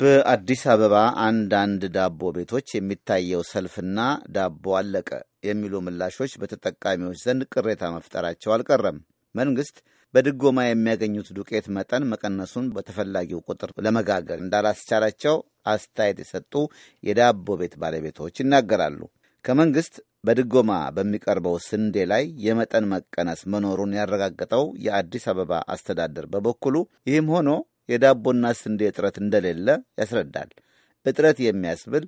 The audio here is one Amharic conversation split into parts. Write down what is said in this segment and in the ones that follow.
በአዲስ አበባ አንዳንድ ዳቦ ቤቶች የሚታየው ሰልፍና ዳቦ አለቀ የሚሉ ምላሾች በተጠቃሚዎች ዘንድ ቅሬታ መፍጠራቸው አልቀረም። መንግስት በድጎማ የሚያገኙት ዱቄት መጠን መቀነሱን በተፈላጊው ቁጥር ለመጋገር እንዳላስቻላቸው አስተያየት የሰጡ የዳቦ ቤት ባለቤቶች ይናገራሉ። ከመንግሥት በድጎማ በሚቀርበው ስንዴ ላይ የመጠን መቀነስ መኖሩን ያረጋገጠው የአዲስ አበባ አስተዳደር በበኩሉ ይህም ሆኖ የዳቦና ስንዴ እጥረት እንደሌለ ያስረዳል። እጥረት የሚያስብል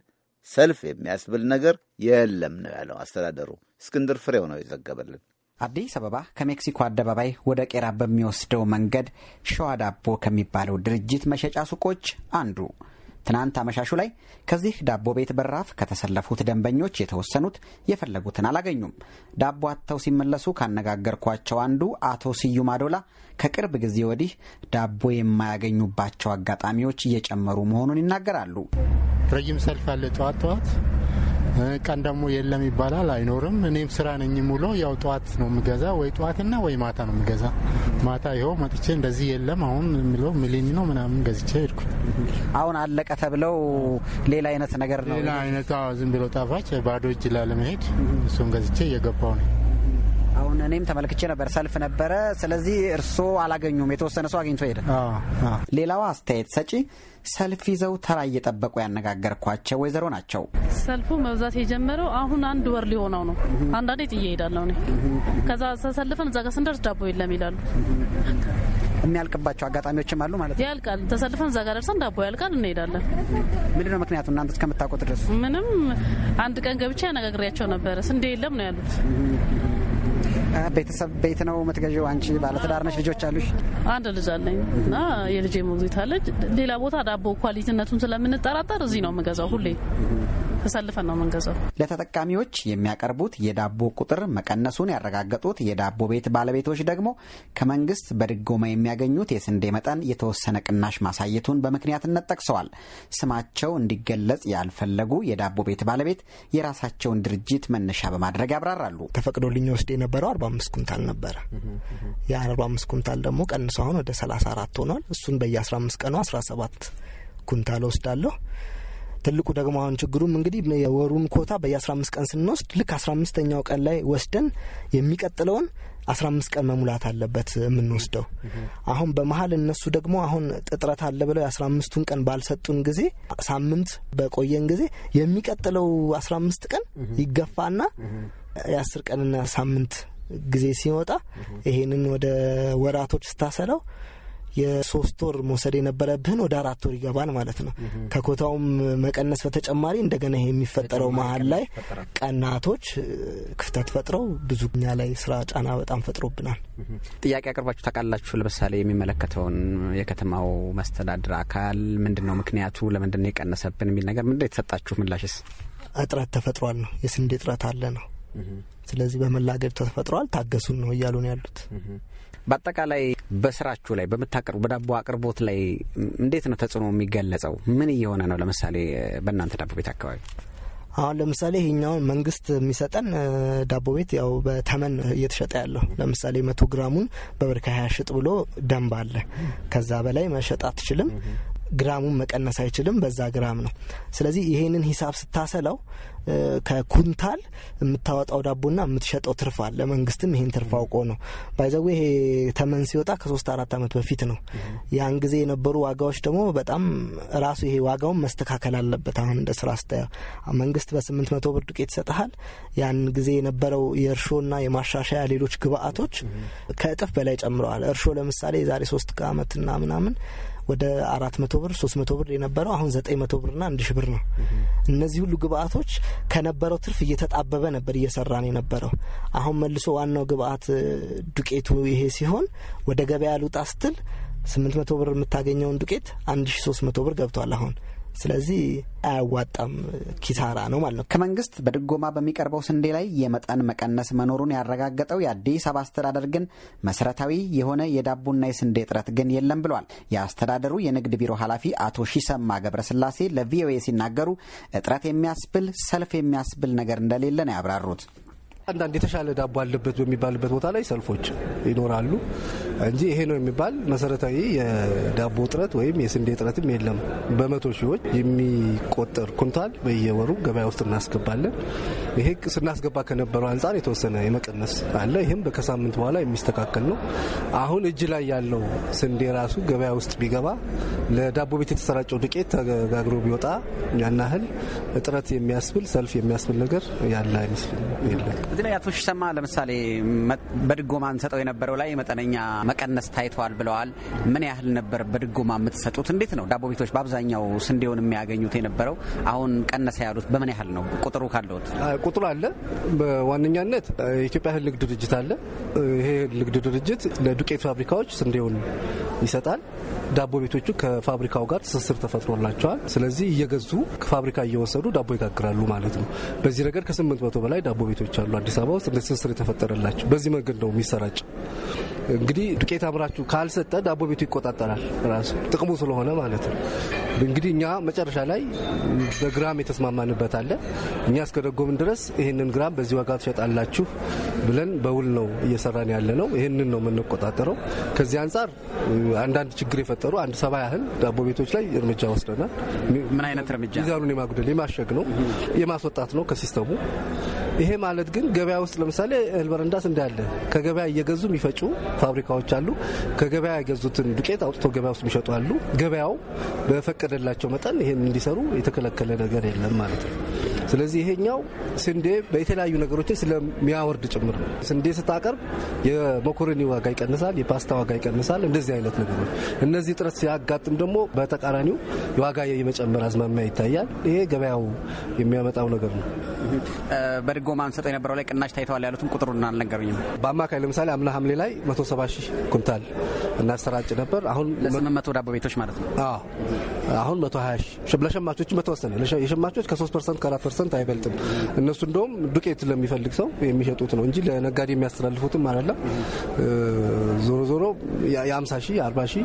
ሰልፍ የሚያስብል ነገር የለም ነው ያለው አስተዳደሩ። እስክንድር ፍሬው ነው የዘገበልን። አዲስ አበባ ከሜክሲኮ አደባባይ ወደ ቄራ በሚወስደው መንገድ ሸዋ ዳቦ ከሚባለው ድርጅት መሸጫ ሱቆች አንዱ ትናንት አመሻሹ ላይ ከዚህ ዳቦ ቤት በራፍ ከተሰለፉት ደንበኞች የተወሰኑት የፈለጉትን አላገኙም። ዳቦ አጥተው ሲመለሱ ካነጋገርኳቸው አንዱ አቶ ስዩም አዶላ ከቅርብ ጊዜ ወዲህ ዳቦ የማያገኙባቸው አጋጣሚዎች እየጨመሩ መሆኑን ይናገራሉ። ረጅም ሰልፍ አለ ጠዋት ጠዋት ቀን ደግሞ የለም ይባላል፣ አይኖርም። እኔም ስራ ነኝ ሙሎ ያው ጠዋት ነው የምገዛ፣ ወይ ጠዋትና ወይ ማታ ነው የምገዛ። ማታ ይኸው መጥቼ እንደዚህ የለም አሁን የሚለው ሚሊኒ ነው ምናምን ገዝቼ ሄድኩ። አሁን አለቀ ተብለው ሌላ አይነት ነገር ነው ሌላ አይነት ዝም ብሎ ጣፋጭ ባዶ እጅ ላለመሄድ እሱም ገዝቼ እየገባው ነው ያለውን እኔም ተመልክቼ ነበር፣ ሰልፍ ነበረ። ስለዚህ እርስዎ አላገኙም፣ የተወሰነ ሰው አግኝቶ ሄደ። ሌላዋ አስተያየት ሰጪ ሰልፍ ይዘው ተራ እየጠበቁ ያነጋገርኳቸው ወይዘሮ ናቸው። ሰልፉ መብዛት የጀመረው አሁን አንድ ወር ሊሆነው ነው። አንዳንዴ ጥዬ እሄዳለሁ እኔ። ከዛ ተሰልፈን እዛ ጋር ስንደርስ ዳቦ የለም ይላሉ። የሚያልቅባቸው አጋጣሚዎችም አሉ ማለት ነው። ያልቃል። ተሰልፈን እዛ ጋር ደርሰን ዳቦ ያልቃል፣ እንሄዳለን። ምንድን ነው ምክንያቱ? እናንተ እስከምታውቁት ድረስ ምንም። አንድ ቀን ገብቼ ያነጋግሬያቸው ነበረ። ስንዴ የለም ነው ያሉት ቤተሰብ ቤት ነው የምትገዢው? አንቺ ባለትዳር ነች ልጆች አሉሽ? አንድ ልጅ አለኝ እና የልጄ ሞግዚት ሌላ ቦታ ዳቦ ኳሊቲነቱን ስለምንጠራጠር እዚህ ነው የምገዛው ሁሌ ተሰልፈን ነው የምንገዛው። ለተጠቃሚዎች የሚያቀርቡት የዳቦ ቁጥር መቀነሱን ያረጋገጡት የዳቦ ቤት ባለቤቶች ደግሞ ከመንግስት በድጎማ የሚያገኙት የስንዴ መጠን የተወሰነ ቅናሽ ማሳየቱን በምክንያትነት ጠቅሰዋል። ስማቸው እንዲገለጽ ያልፈለጉ የዳቦ ቤት ባለቤት የራሳቸውን ድርጅት መነሻ በማድረግ ያብራራሉ። ተፈቅዶልኝ ወስድ የነበረው አርባ አምስት ኩንታል ነበረ። የአርባ አምስት ኩንታል ደግሞ ቀንሶ አሁን ወደ ሰላሳ አራት ሆኗል። እሱን በየ አስራ አምስት ቀኑ አስራ ሰባት ኩንታል ወስዳለሁ ትልቁ ደግሞ አሁን ችግሩም እንግዲህ የወሩን ኮታ በየ15 ቀን ስንወስድ ልክ 15ኛው ቀን ላይ ወስደን የሚቀጥለውን 15 ቀን መሙላት አለበት የምንወስደው። አሁን በመሀል እነሱ ደግሞ አሁን ጥጥረት አለ ብለው የ15ቱን ቀን ባልሰጡን ጊዜ ሳምንት በቆየን ጊዜ የሚቀጥለው 15 ቀን ይገፋና የ ቀንና ሳምንት ጊዜ ሲወጣ ይሄንን ወደ ወራቶች ስታሰለው የሶስት ወር መውሰድ የነበረብህን ወደ አራት ወር ይገባል ማለት ነው። ከኮታውም መቀነስ በተጨማሪ እንደገና ይሄ የሚፈጠረው መሀል ላይ ቀናቶች ክፍተት ፈጥረው ብዙ እኛ ላይ ስራ ጫና በጣም ፈጥሮብናል። ጥያቄ አቅርባችሁ ታውቃላችሁ? ለምሳሌ የሚመለከተውን የከተማው መስተዳድር አካል ምንድን ነው ምክንያቱ ለምንድን ነው የቀነሰብን የሚል ነገር ምንድን የተሰጣችሁ ምላሽስ? እጥረት ተፈጥሯል ነው የስንዴ እጥረት አለ ነው። ስለዚህ በመላገድ ተፈጥሯል ታገሱን ነው እያሉ ነው ያሉት። በአጠቃላይ በስራችሁ ላይ በምታቀርቡ በዳቦ አቅርቦት ላይ እንዴት ነው ተጽዕኖ የሚገለጸው? ምን እየሆነ ነው? ለምሳሌ በእናንተ ዳቦ ቤት አካባቢ አሁን ለምሳሌ ይህኛውን መንግስት የሚሰጠን ዳቦ ቤት ያው በተመን እየተሸጠ ያለው ለምሳሌ መቶ ግራሙን በብር ከሀያ ሽጥ ብሎ ደንብ አለ። ከዛ በላይ መሸጥ አትችልም። ግራሙን መቀነስ አይችልም፣ በዛ ግራም ነው። ስለዚህ ይሄንን ሂሳብ ስታሰላው ከኩንታል የምታወጣው ዳቦና የምትሸጠው ትርፍ አለ። መንግስትም ይሄን ትርፍ አውቆ ነው ባይዘዌ ይሄ ተመን ሲወጣ ከሶስት አራት ዓመት በፊት ነው። ያን ጊዜ የነበሩ ዋጋዎች ደግሞ በጣም ራሱ ይሄ ዋጋውን መስተካከል አለበት። አሁን እንደ ስራ ስታየ መንግስት በስምንት መቶ ብር ዱቄት ይሰጠሃል። ያን ጊዜ የነበረው የእርሾና የማሻሻያ ሌሎች ግብአቶች ከእጥፍ በላይ ጨምረዋል። እርሾ ለምሳሌ የዛሬ ሶስት ዓመትና ምናምን ወደ አራት መቶ ብር ሶስት መቶ ብር የነበረው አሁን ዘጠኝ መቶ ብርና አንድ ሺ ብር ነው። እነዚህ ሁሉ ግብአቶች ከነበረው ትርፍ እየተጣበበ ነበር እየሰራን የነበረው። አሁን መልሶ ዋናው ግብአት ዱቄቱ ይሄ ሲሆን ወደ ገበያ ልውጣ ስትል ስምንት መቶ ብር የምታገኘውን ዱቄት አንድ ሺ ሶስት መቶ ብር ገብቷል አሁን ስለዚህ አያዋጣም፣ ኪሳራ ነው ማለት ነው። ከመንግስት በድጎማ በሚቀርበው ስንዴ ላይ የመጠን መቀነስ መኖሩን ያረጋገጠው የአዲስ አበባ አስተዳደር ግን መሰረታዊ የሆነ የዳቦና የስንዴ እጥረት ግን የለም ብሏል። የአስተዳደሩ የንግድ ቢሮ ኃላፊ አቶ ሺሰማ ገብረስላሴ ለቪኦኤ ሲናገሩ እጥረት የሚያስብል ሰልፍ የሚያስብል ነገር እንደሌለ ነው ያብራሩት። አንዳንድ የተሻለ ዳቦ አለበት በሚባልበት ቦታ ላይ ሰልፎች ይኖራሉ። እንጂ ይሄ ነው የሚባል መሰረታዊ የዳቦ እጥረት ወይም የስንዴ እጥረትም የለም። በመቶ ሺዎች የሚቆጠር ኩንታል በየወሩ ገበያ ውስጥ እናስገባለን። ይሄ ስናስገባ ከነበረው አንጻር የተወሰነ የመቀነስ አለ። ይህም ከሳምንት በኋላ የሚስተካከል ነው። አሁን እጅ ላይ ያለው ስንዴ ራሱ ገበያ ውስጥ ቢገባ ለዳቦ ቤት የተሰራጨው ዱቄት ተጋግሮ ቢወጣ ያናህል እጥረት የሚያስብል ሰልፍ የሚያስብል ነገር ያለ አይመስልም የለም። እዚህ ላይ አቶ ሽሰማ ለምሳሌ በድጎማ እንሰጠው የነበረው ላይ መጠነኛ መቀነስ ታይተዋል ብለዋል። ምን ያህል ነበር በድጎማ የምትሰጡት? እንዴት ነው ዳቦ ቤቶች በአብዛኛው ስንዴውን የሚያገኙት የነበረው? አሁን ቀነሰ ያሉት በምን ያህል ነው? ቁጥሩ ካለት ቁጥሩ አለ። በዋነኛነት የኢትዮጵያ እህል ንግድ ድርጅት አለ። ይሄ ንግድ ድርጅት ለዱቄት ፋብሪካዎች ስንዴውን ይሰጣል። ዳቦ ቤቶቹ ከፋብሪካው ጋር ትስስር ተፈጥሮላቸዋል። ስለዚህ እየገዙ ከፋብሪካ እየወሰዱ ዳቦ ይጋግራሉ ማለት ነው። በዚህ ነገር ከስምንት መቶ በላይ ዳቦ ቤቶች አሉ አዲስ አበባ ውስጥ ትስስር የተፈጠረላቸው በዚህ መንገድ ነው የሚሰራጭ እንግዲህ ዱቄት አብራችሁ ካልሰጠ ዳቦ ቤቱ ይቆጣጠራል ራሱ ጥቅሙ ስለሆነ ማለት ነው። እንግዲህ እኛ መጨረሻ ላይ በግራም የተስማማንበት አለ። እኛ እስከ ደጎምን ድረስ ይህንን ግራም በዚህ ዋጋ ትሸጣላችሁ ብለን በውል ነው እየሰራን ያለ ነው። ይህንን ነው የምንቆጣጠረው። ከዚህ አንጻር አንዳንድ ችግር የፈጠሩ አንድ ሰባ ያህል ዳቦ ቤቶች ላይ እርምጃ ወስደናል። ምን አይነት እርምጃ? ሚዛኑን የማጉደል የማሸግ ነው፣ የማስወጣት ነው ከሲስተሙ ይሄ ማለት ግን ገበያ ውስጥ ለምሳሌ እህል ስንዴ አለ ከገበያ እየገዙ የሚፈጩ ፋብሪካዎች አሉ። ከገበያ የገዙትን ዱቄት አውጥቶ ገበያ ውስጥ የሚሸጡ አሉ። ገበያው በፈቀደላቸው መጠን ይህን እንዲሰሩ የተከለከለ ነገር የለም ማለት ነው። ስለዚህ ይሄኛው ስንዴ በተለያዩ ነገሮች ስለሚያወርድ ጭምር ነው። ስንዴ ስታቀርብ የመኮረኒ ዋጋ ይቀንሳል፣ የፓስታ ዋጋ ይቀንሳል። እንደዚህ አይነት ነገሮች እነዚህ ጥረት ሲያጋጥም ደግሞ በተቃራኒው የዋጋ የመጨመር አዝማሚያ ይታያል። ይሄ ገበያው የሚያመጣው ነገር ነው። በድጎማ አንሰጠ የነበረው ላይ ቅናሽ ታይተዋል ያሉትም ቁጥሩን አልነገሩኝም። በአማካይ ለምሳሌ አምና ሐምሌ ላይ 170 ሺህ ኩንታል እናሰራጭ ነበር። አሁን ለስምንት መቶ ዳቦ ቤቶች ማለት ነው። አሁን 120 ሺህ ለሸማቾች በተወሰነ የሸማቾች ከ3 ፐርሰንት ከ4 ፐርሰንት አይበልጥም። እነሱ እንደውም ዱቄት ለሚፈልግ ሰው የሚሸጡት ነው እንጂ ለነጋዴ የሚያስተላልፉትም አይደለም። ዞሮ ዞሮ የ50 ሺህ 40 ሺህ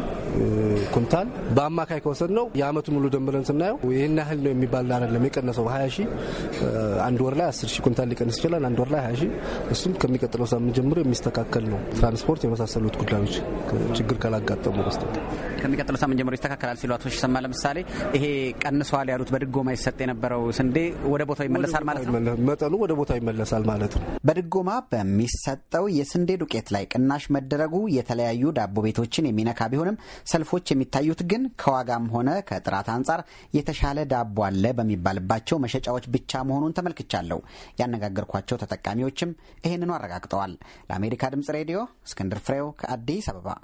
ኩንታል በአማካይ ከወሰድ ነው። የአመቱ ሙሉ ደምረን ስናየው ይህን ያህል ነው የሚባል አይደለም። የቀነሰው 20 ሺህ አንድ ወር ላይ አስር ሺ ኩንታል ሊቀንስ ይችላል። አንድ ወር ላይ ሀያ ሺ እሱም ከሚቀጥለው ሳምንት ጀምሮ የሚስተካከል ነው። ትራንስፖርት የመሳሰሉት ጉዳዮች ችግር ካላጋጠሙ በስተቀር ከሚቀጥለው ሳምንት ጀምሮ ይስተካከላል ሲሉ አቶ ሽሰማ ለምሳሌ ይሄ ቀንሰዋል ያሉት በድጎማ ይሰጥ የነበረው ስንዴ ወደ ቦታው ይመለሳል ማለት ነው። መጠኑ ወደ ቦታው ይመለሳል ማለት ነው። በድጎማ በሚሰጠው የስንዴ ዱቄት ላይ ቅናሽ መደረጉ የተለያዩ ዳቦ ቤቶችን የሚነካ ቢሆንም ሰልፎች የሚታዩት ግን ከዋጋም ሆነ ከጥራት አንጻር የተሻለ ዳቦ አለ በሚባልባቸው መሸጫዎች ብቻ መሆኑን ተመልክቻለሁ። ያነጋገርኳቸው ተጠቃሚዎችም ይህንኑ አረጋግጠዋል። ለአሜሪካ ድምጽ ሬዲዮ እስክንድር ፍሬው ከአዲስ አበባ